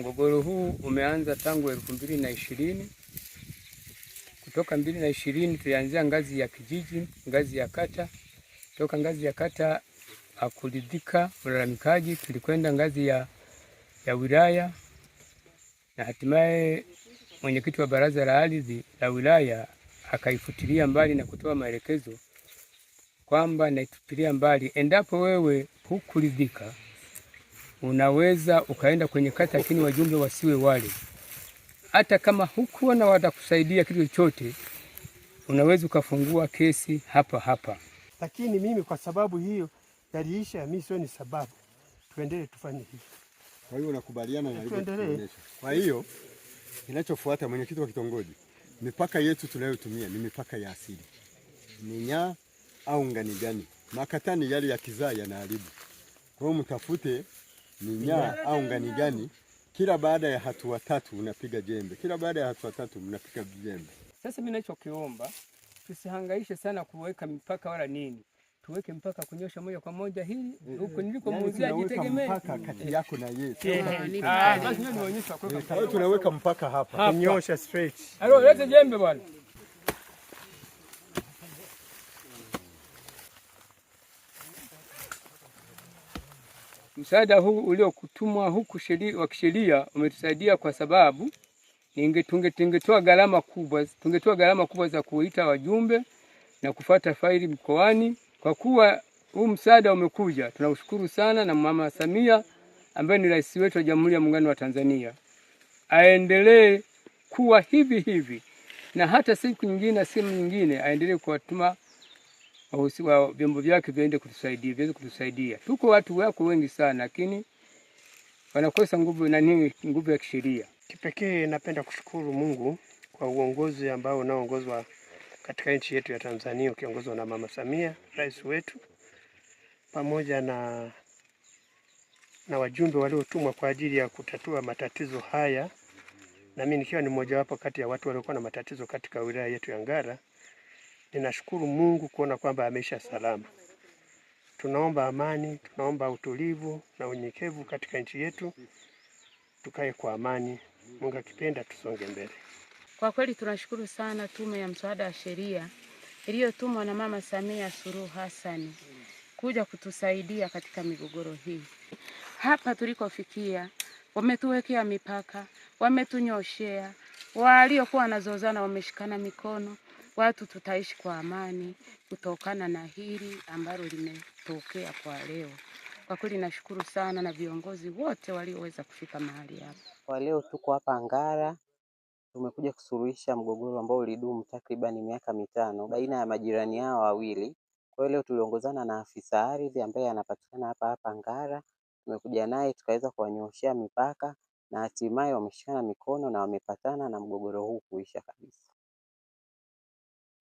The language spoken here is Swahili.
Mgogoro huu umeanza tangu elfu mbili na ishirini. Kutoka mbili na ishirini tulianzia ngazi ya kijiji, ngazi ya kata. Toka ngazi ya kata akuridhika mlalamikaji, tulikwenda ngazi ya, ya wilaya na hatimaye mwenyekiti wa baraza la ardhi la wilaya akaifutilia mbali na kutoa maelekezo kwamba naitupilia mbali, endapo wewe hukuridhika unaweza ukaenda kwenye kata, lakini wajumbe wasiwe wale. Hata kama hukuwa na watakusaidia kitu chochote, unaweza ukafungua kesi hapa hapa. Lakini mimi kwa sababu hiyo yaliisha, mimi sio ni sababu, tuendelee tufanye hivyo. Kwa hiyo unakubaliana na Kwa hiyo kinachofuata, mwenyekiti wa kitongoji, mipaka yetu tunayotumia ni mipaka ya asili, ni nyaa au ngani gani, makatani yale ya kizaa yanaharibu. Kwa hiyo mtafute ni nyaa au ngani gani? Kila baada ya hatua tatu unapiga jembe, kila baada ya hatua tatu mnapiga jembe. Sasa mimi nachokiomba tusihangaishe sana kuweka mipaka wala nini, tuweke mpaka kunyosha moja kwa moja hili eh, huko eh. niliko yaani muuzia jitegemee mpaka kati yako na yeye. Eh, Sasa Tunaweka mpaka hapa, kunyosha straight. Alio, lete jembe bwana. Msaada huu uliokutumwa huku wa kisheria umetusaidia kwa sababu tungetoa gharama kubwa, tungetoa gharama kubwa za kuita wajumbe na kufata faili mkoani. Kwa kuwa huu msaada umekuja, tunaushukuru sana, na Mama Samia ambaye ni rais wetu wa Jamhuri ya Muungano wa Tanzania aendelee kuwa hivi hivi, na hata siku nyingine na sehemu nyingine aendelee kuwatuma wahusika vyombo vyake viende kutusaidia, viweze kutusaidia. Tuko watu wako wengi sana, lakini wanakosa nguvu nini, nguvu ya kisheria. Kipekee napenda kushukuru Mungu kwa uongozi ambao unaoongozwa katika nchi yetu ya Tanzania ukiongozwa na Mama Samia, rais wetu, pamoja na na wajumbe waliotumwa kwa ajili ya kutatua matatizo haya, na mimi nikiwa ni mmojawapo kati ya watu waliokuwa na matatizo katika wilaya yetu ya Ngara. Ninashukuru Mungu kuona kwamba ameisha salama. Tunaomba amani, tunaomba utulivu na unyenyekevu katika nchi yetu, tukae kwa amani. Mungu akipenda tusonge mbele. Kwa kweli tunashukuru sana Tume ya Mswada wa Sheria iliyotumwa na Mama Samia Suluhu Hassan kuja kutusaidia katika migogoro hii. Hapa tulikofikia, wametuwekea mipaka, wametunyoshea, waliokuwa wanazozana wameshikana mikono watu tutaishi kwa amani kutokana na hili ambalo limetokea kwa leo. Kwa kweli nashukuru sana na viongozi wote walioweza kufika mahali hapa. Kwa leo tuko hapa Ngara, tumekuja kusuluhisha mgogoro ambao ulidumu takribani miaka mitano baina ya majirani hao wawili. Kwa hiyo leo tuliongozana na afisa ardhi ambaye anapatikana hapa hapa Ngara, tumekuja naye tukaweza kuwanyooshea mipaka na hatimaye wameshikana mikono na wamepatana na mgogoro huu kuisha kabisa.